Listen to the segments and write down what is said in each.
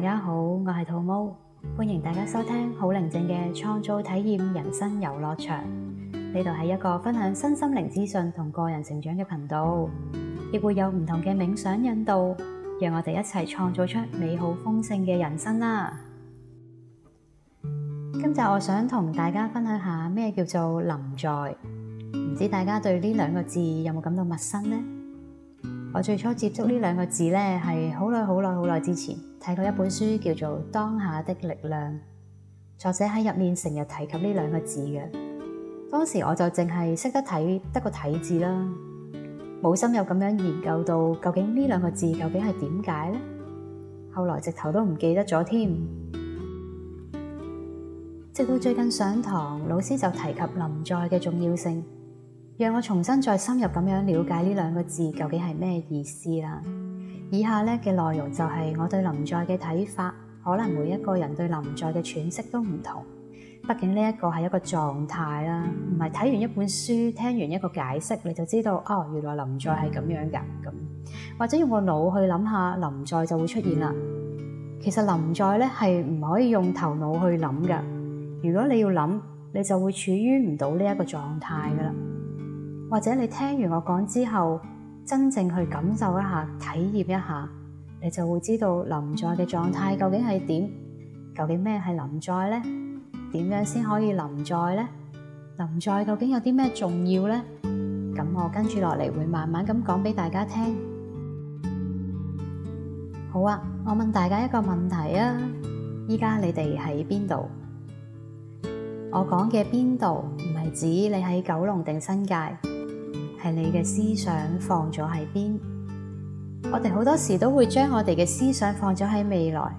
大家好，我係兔毛，歡迎大家收聽好寧靜嘅創造體驗人生遊樂場。呢度係一個分享身心靈資訊同個人成長嘅頻道，亦會有唔同嘅冥想引導，讓我哋一齊創造出美好豐盛嘅人生啦。今集我想同大家分享下咩叫做臨在，唔知大家對呢兩個字有冇感到陌生呢？我最初接觸呢兩個字咧，係好耐好耐好耐之前睇過一本書，叫做《當下的力量》，作者喺入面成日提及呢兩個字嘅。當時我就淨係識得睇得個體字啦，冇深入咁樣研究到究竟呢兩個字究竟係點解咧。後來直頭都唔記得咗添。直到最近上堂，老師就提及臨在嘅重要性。讓我重新再深入咁樣了解呢兩個字究竟係咩意思啦。以下咧嘅內容就係我對臨在嘅睇法。可能每一個人對臨在嘅詮釋都唔同，畢竟呢一個係一個狀態啦，唔係睇完一本書、聽完一個解釋你就知道哦，原來臨在係咁樣噶咁，或者用個腦去諗下臨在就會出現啦。其實臨在咧係唔可以用頭腦去諗噶。如果你要諗，你就會處於唔到呢一個狀態噶啦。或者你聽完我講之後，真正去感受一下、體驗一下，你就會知道臨在嘅狀態究竟係點，究竟咩係臨在呢？點樣先可以臨在呢？臨在究竟有啲咩重要呢？咁我跟住落嚟會慢慢咁講俾大家聽。好啊，我問大家一個問題啊，依家你哋喺邊度？我講嘅邊度唔係指你喺九龍定新界。係你嘅思想放咗喺邊？我哋好多時都會將我哋嘅思想放咗喺未來，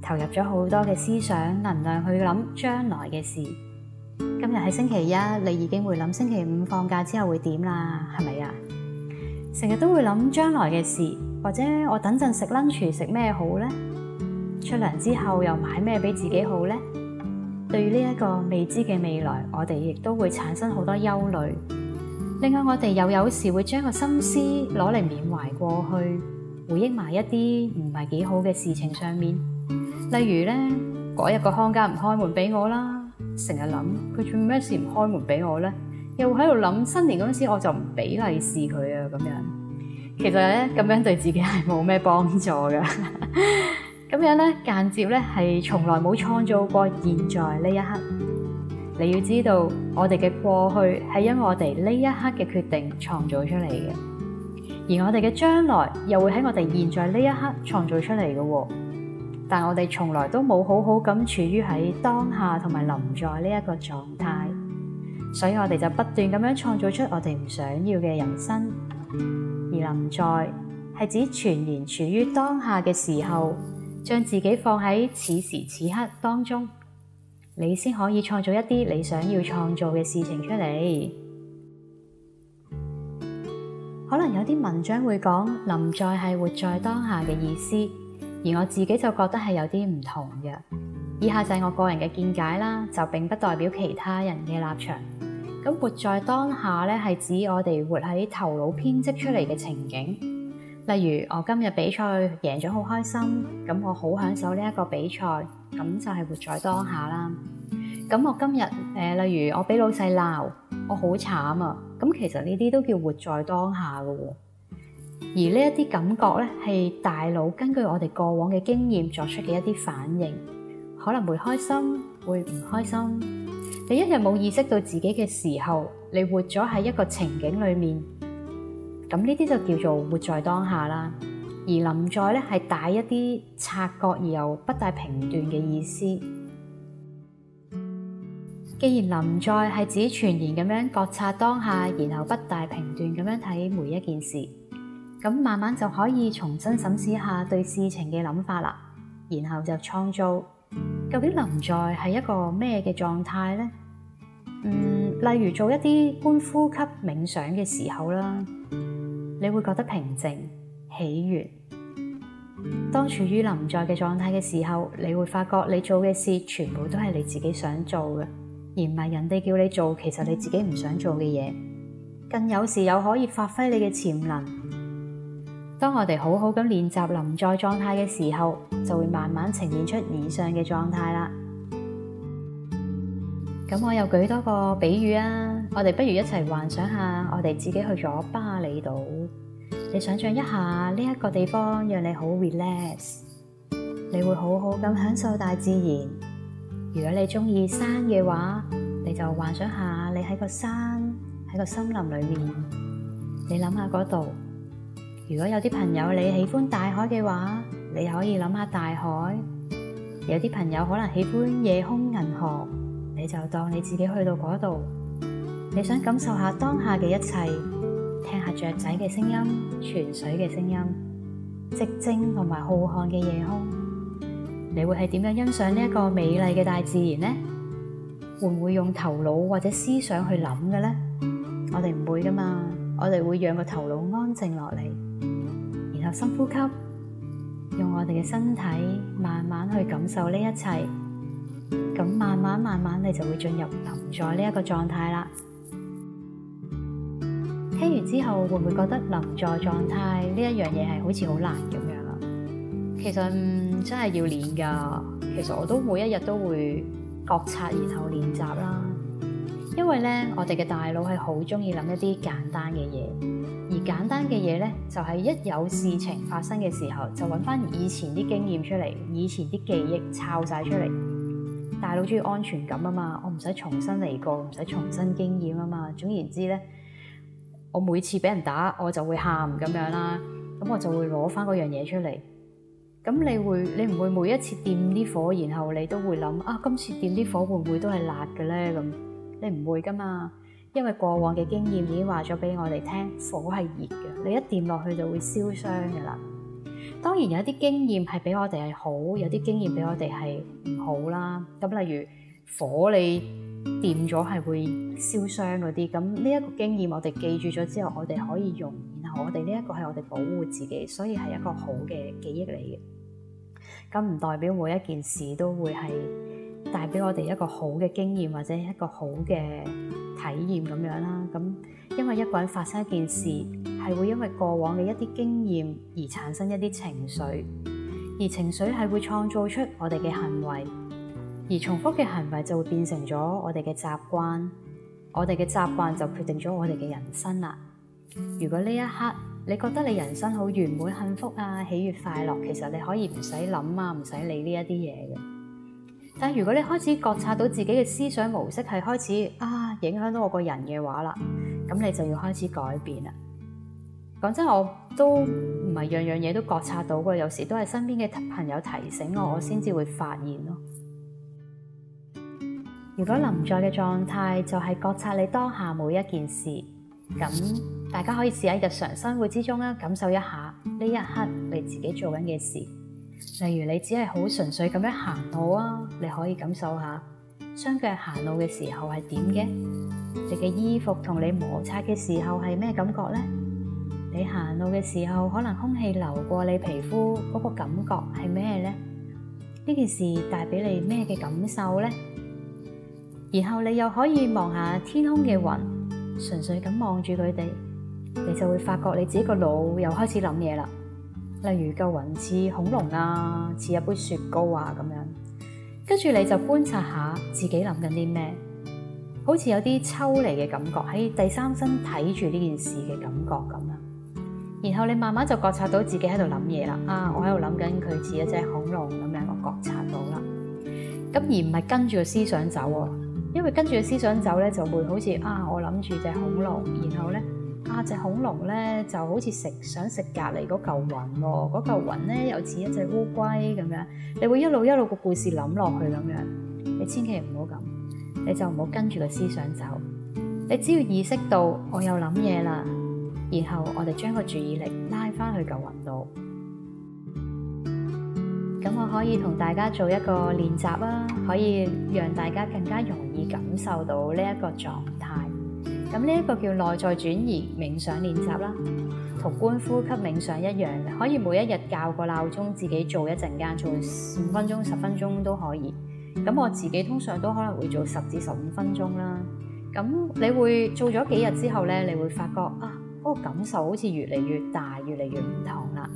投入咗好多嘅思想能量去諗將來嘅事。今日係星期一，你已經會諗星期五放假之後會點啦？係咪啊？成日都會諗將來嘅事，或者我等陣食 lunch 食咩好呢？出糧之後又買咩俾自己好呢？對呢一個未知嘅未來，我哋亦都會產生好多憂慮。另外，我哋又有時會將個心思攞嚟緬懷過去，回憶埋一啲唔係幾好嘅事情上面。例如咧，嗰日個康家唔開門俾我啦，成日諗佢做咩事唔開門俾我咧，又喺度諗新年嗰陣時我就唔俾利是佢啊咁樣。其實咧，咁樣對自己係冇咩幫助嘅。咁 樣咧，間接咧係從來冇創造過現在呢一刻。你要知道，我哋嘅過去係因我哋呢一刻嘅決定創造出嚟嘅，而我哋嘅將來又會喺我哋現在呢一刻創造出嚟嘅。但我哋從來都冇好好咁處於喺當下同埋臨在呢一個狀態，所以我哋就不斷咁樣創造出我哋唔想要嘅人生。而臨在係指全然處於當下嘅時候，將自己放喺此時此刻當中。你先可以創造一啲你想要創造嘅事情出嚟。可能有啲文章會講臨在係活在當下嘅意思，而我自己就覺得係有啲唔同嘅。以下就係我個人嘅見解啦，就並不代表其他人嘅立場。咁活在當下咧，係指我哋活喺頭腦編織出嚟嘅情景，例如我今日比賽贏咗，好開心，咁我好享受呢一個比賽。咁就係活在當下啦。咁我今日誒，例如我俾老細鬧，我好慘啊。咁其實呢啲都叫活在當下噶。而呢一啲感覺咧，係大腦根據我哋過往嘅經驗作出嘅一啲反應，可能會開心，會唔開心。你一日冇意識到自己嘅時候，你活咗喺一個情景裏面，咁呢啲就叫做活在當下啦。而臨在咧，係帶一啲察覺，而又不帶評斷嘅意思。既然臨在係指全然咁樣覺察當下，然後不帶評斷咁樣睇每一件事，咁慢慢就可以重新審視下對事情嘅諗法啦。然後就創造，究竟臨在係一個咩嘅狀態呢？嗯，例如做一啲觀呼吸冥想嘅時候啦，你會覺得平靜。起源，當處於臨在嘅狀態嘅時候，你會發覺你做嘅事全部都係你自己想做嘅，而唔係人哋叫你做，其實你自己唔想做嘅嘢。更有時有可以發揮你嘅潛能。當我哋好好咁練習臨在狀態嘅時候，就會慢慢呈現出以上嘅狀態啦。咁我又舉多個比喻啊，我哋不如一齊幻想下，我哋自己去咗巴厘島。你想象一下呢一個地方讓你好 relax，你會好好咁享受大自然。如果你中意山嘅話，你就幻想下你喺個山、喺個森林裏面，你諗下嗰度。如果有啲朋友你喜歡大海嘅話，你可以諗下大海。有啲朋友可能喜歡夜空銀河，你就當你自己去到嗰度，你想感受下當下嘅一切。聽下雀仔嘅聲音、泉水嘅聲音、寂靜同埋浩瀚嘅夜空，你會係點樣欣賞呢一個美麗嘅大自然呢？會唔會用頭腦或者思想去諗嘅咧？我哋唔會噶嘛，我哋會讓個頭腦安靜落嚟，然後深呼吸，用我哋嘅身體慢慢去感受呢一切，咁慢慢慢慢你就會進入臨在呢一個狀態啦。聽完之後，會唔會覺得臨在狀態呢一樣嘢，係好似好難咁樣啊？其實、嗯、真係要練噶其實我都每一日都會覺察，然後練習啦。因為呢，我哋嘅大腦係好中意諗一啲簡單嘅嘢，而簡單嘅嘢呢，就係、是、一有事情發生嘅時候，就揾翻以前啲經驗出嚟，以前啲記憶抄晒出嚟。大腦中意安全感啊嘛，我唔使重新嚟過，唔使重新經驗啊嘛。總言之呢。我每次俾人打，我就會喊咁樣啦，咁我就會攞翻嗰樣嘢出嚟。咁你會，你唔會每一次掂啲火，然後你都會諗啊，今次掂啲火會唔會都係辣嘅咧？咁你唔會噶嘛，因為過往嘅經驗已經話咗俾我哋聽，火係熱嘅，你一掂落去就會燒傷嘅啦。當然有啲經驗係俾我哋係好，有啲經驗俾我哋係唔好啦。咁例如火你，掂咗係會燒傷嗰啲，咁呢一個經驗我哋記住咗之後，我哋可以用，然後我哋呢一個係我哋保護自己，所以係一個好嘅記憶嚟嘅。咁唔代表每一件事都會係帶俾我哋一個好嘅經驗或者一個好嘅體驗咁樣啦。咁因為一個人發生一件事，係會因為過往嘅一啲經驗而產生一啲情緒，而情緒係會創造出我哋嘅行為。而重複嘅行為就會變成咗我哋嘅習慣，我哋嘅習慣就決定咗我哋嘅人生啦。如果呢一刻你覺得你人生好圓滿、幸福啊、喜悅、快樂，其實你可以唔使諗啊，唔使理呢一啲嘢嘅。但如果你開始覺察到自己嘅思想模式係開始啊，影響到我個人嘅話啦，咁你就要開始改變啦。講真，我都唔係樣樣嘢都覺察到嘅，有時都係身邊嘅朋友提醒我，我先至會發現咯。如果臨在嘅狀態就係覺察你當下每一件事，咁大家可以試喺日常生活之中啦，感受一下呢一刻你自己做緊嘅事。例如你只係好純粹咁樣行路啊，你可以感受下雙腳行路嘅時候係點嘅？你嘅衣服同你摩擦嘅時候係咩感覺呢？你行路嘅時候，可能空氣流過你皮膚嗰個感覺係咩呢？呢件事帶俾你咩嘅感受呢？然後你又可以望下天空嘅雲，純粹咁望住佢哋，你就會發覺你自己個腦又開始諗嘢啦。例如個雲似恐龍啊，似一杯雪糕啊咁樣，跟住你就觀察下自己諗緊啲咩，好似有啲抽離嘅感覺喺第三身睇住呢件事嘅感覺咁樣。然後你慢慢就覺察到自己喺度諗嘢啦。啊，我喺度諗緊佢似一隻恐龍咁樣，我覺察到啦。咁而唔係跟住個思想走喎、啊。因為跟住個思想走咧，就會好似啊，我諗住隻恐龍，然後咧啊隻恐龍咧就好似食想食隔籬嗰嚿雲喎、哦，嗰嚿雲咧又似一隻烏龜咁樣。你會一路一路個故事諗落去咁樣，你千祈唔好咁，你就唔好跟住個思想走，你只要意識到我又諗嘢啦，然後我哋將個注意力拉翻去嚿雲度。咁我可以同大家做一個練習啦、啊，可以讓大家更加容易感受到呢一個狀態。咁呢一個叫內在轉移冥想練習啦、啊，同觀呼吸冥想一樣，可以每一日校個鬧鐘自己做一陣間，做五分鐘、十分鐘都可以。咁我自己通常都可能會做十至十五分鐘啦。咁你會做咗幾日之後咧，你會發覺啊，嗰個感受好似越嚟越大，越嚟越唔同啦。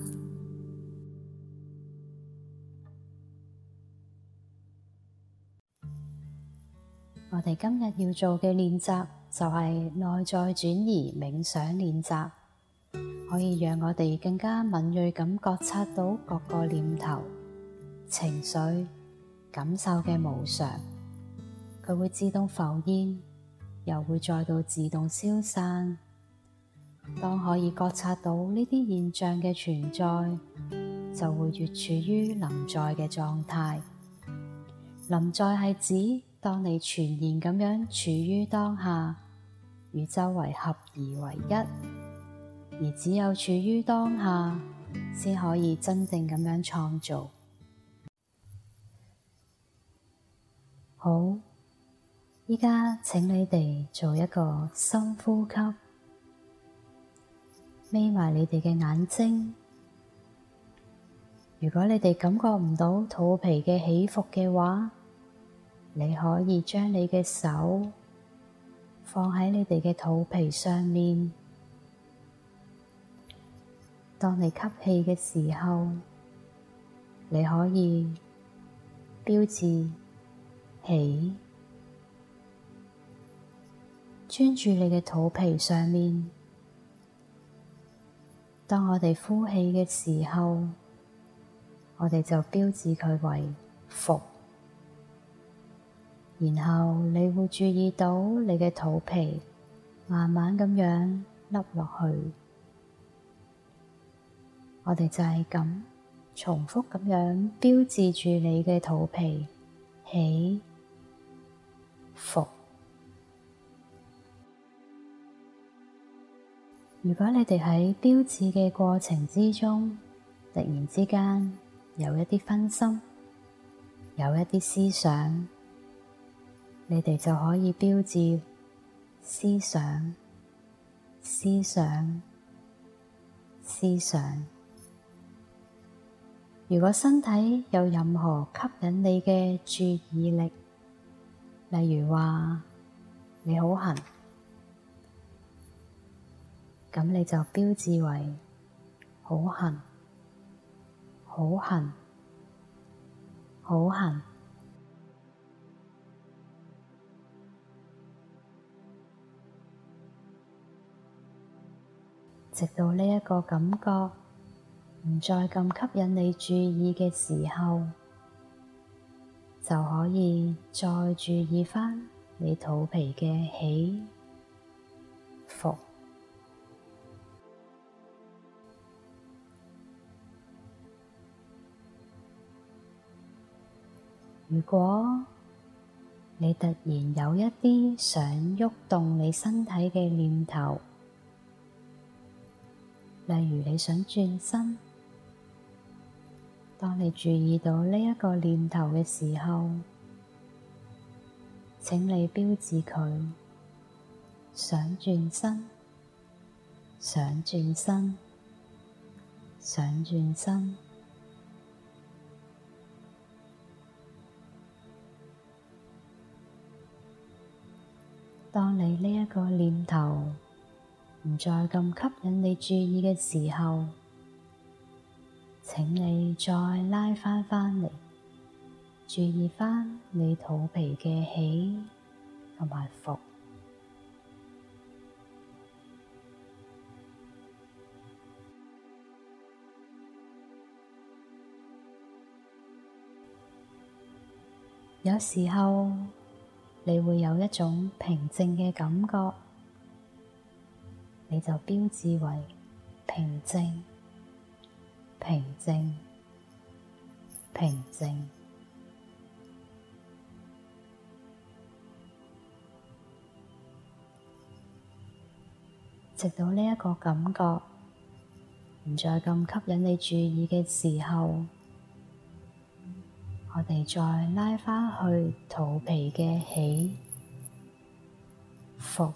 我哋今日要做嘅練習就係、是、內在轉移冥想練習，可以讓我哋更加敏銳咁覺察到各個念頭、情緒、感受嘅無常，佢會自動浮現，又會再度自動消散。當可以覺察到呢啲現象嘅存在，就會越處於臨在嘅狀態。臨在係指。當你全然咁樣處於當下，與周圍合而為一，而只有處於當下，先可以真正咁樣創造。好，而家請你哋做一個深呼吸，眯埋你哋嘅眼睛。如果你哋感覺唔到肚皮嘅起伏嘅話，你可以將你嘅手放喺你哋嘅肚皮上面，當你吸氣嘅時候，你可以標誌起，專注你嘅肚皮上面。當我哋呼氣嘅時候，我哋就標誌佢為伏。然後你會注意到你嘅肚皮慢慢咁樣凹落去。我哋就係咁重複咁樣標誌住你嘅肚皮起伏。如果你哋喺標誌嘅過程之中，突然之間有一啲分心，有一啲思想。你哋就可以標誌思想、思想、思想。如果身體有任何吸引你嘅注意力，例如話你好痕，咁你就標誌為好痕、好痕、好痕。直到呢一個感覺唔再咁吸引你注意嘅時候，就可以再注意翻你肚皮嘅起伏。如果你突然有一啲想喐動你身體嘅念頭，例如你想轉身，當你注意到呢一個念頭嘅時候，請你標籤佢想轉身，想轉身，想轉身。當你呢一個念頭。唔再咁吸引你注意嘅時候，請你再拉返返嚟，注意返你肚皮嘅起同埋伏。有時候，你會有一種平靜嘅感覺。你就標誌為平靜、平靜、平靜，直到呢一個感覺唔再咁吸引你注意嘅時候，我哋再拉返去肚皮嘅起伏。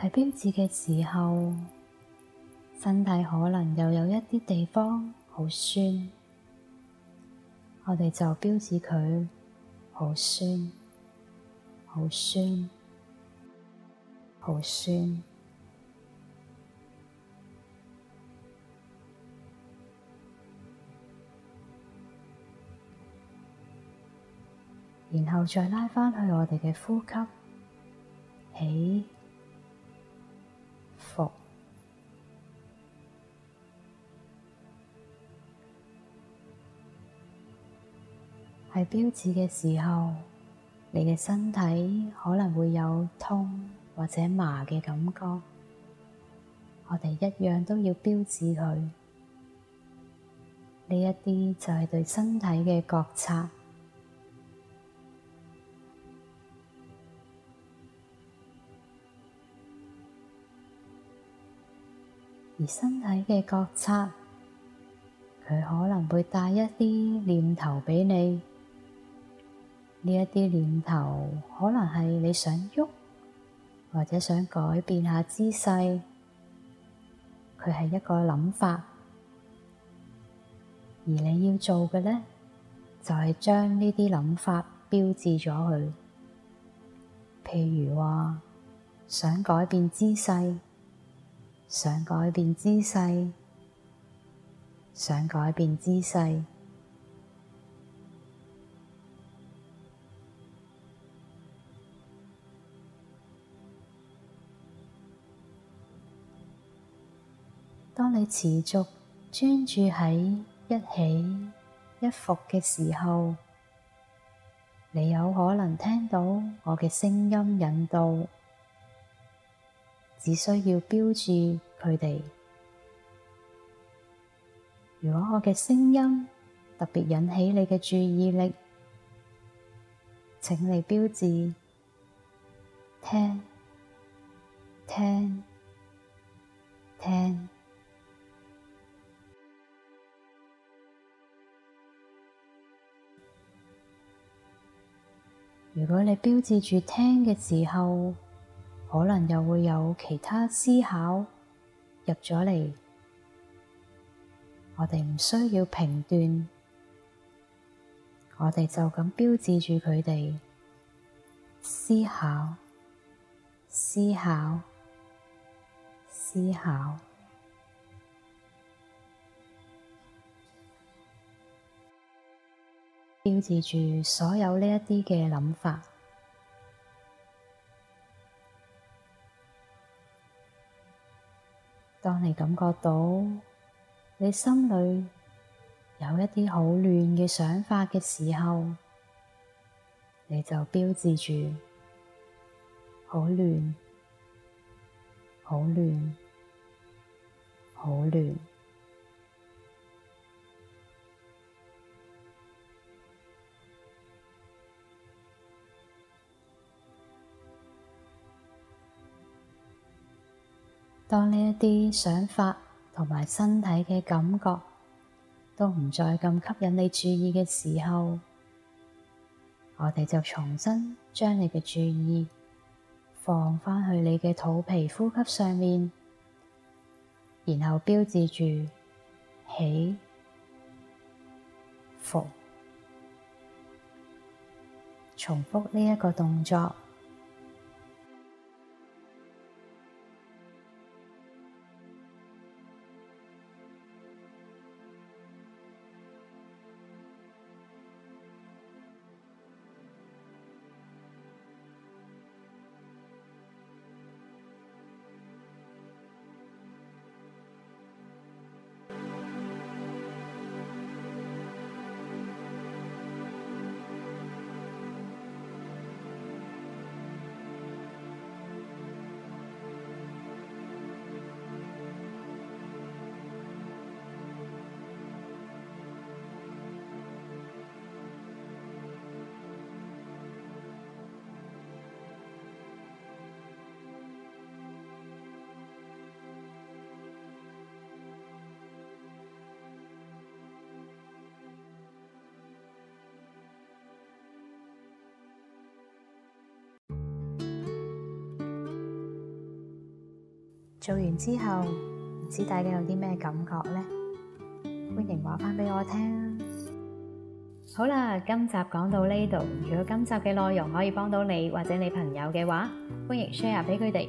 喺標誌嘅時候，身體可能又有一啲地方好酸，我哋就標誌佢好酸、好酸、好酸，然後再拉返去我哋嘅呼吸起。係標誌嘅時候，你嘅身體可能會有痛或者麻嘅感覺。我哋一樣都要標誌佢。呢一啲就係對身體嘅覺察。而身體嘅覺察，佢可能會帶一啲念頭畀你。呢一啲念頭，可能係你想喐，或者想改變下姿勢，佢係一個諗法。而你要做嘅呢，就係、是、將呢啲諗法標誌咗佢。譬如話想改變姿勢，想改變姿勢，想改變姿勢，想改變姿勢當你持續專注喺一起一伏嘅時候，你有可能聽到我嘅聲音引導，只需要標註佢哋。如果我嘅聲音特別引起你嘅注意力，請你標註聽聽聽。聽聽如果你標誌住聽嘅時候，可能又會有其他思考入咗嚟，我哋唔需要評斷，我哋就咁標誌住佢哋思考、思考、思考。標誌住所有呢一啲嘅諗法。當你感覺到你心裏有一啲好亂嘅想法嘅時候，你就標誌住好亂、好亂、好亂。當呢一啲想法同埋身體嘅感覺都唔再咁吸引你注意嘅時候，我哋就重新將你嘅注意放翻去你嘅肚皮呼吸上面，然後標誌住起、伏，重複呢一個動作。做完之後，唔知大家有啲咩感覺呢？歡迎話翻俾我聽。好啦，今集講到呢度。如果今集嘅內容可以幫到你或者你朋友嘅話，歡迎 share 俾佢哋。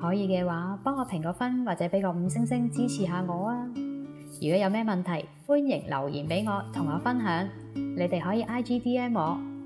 可以嘅話，幫我評個分或者俾個五星星支持下我啊！如果有咩問題，歡迎留言俾我，同我分享。你哋可以 IG DM 我。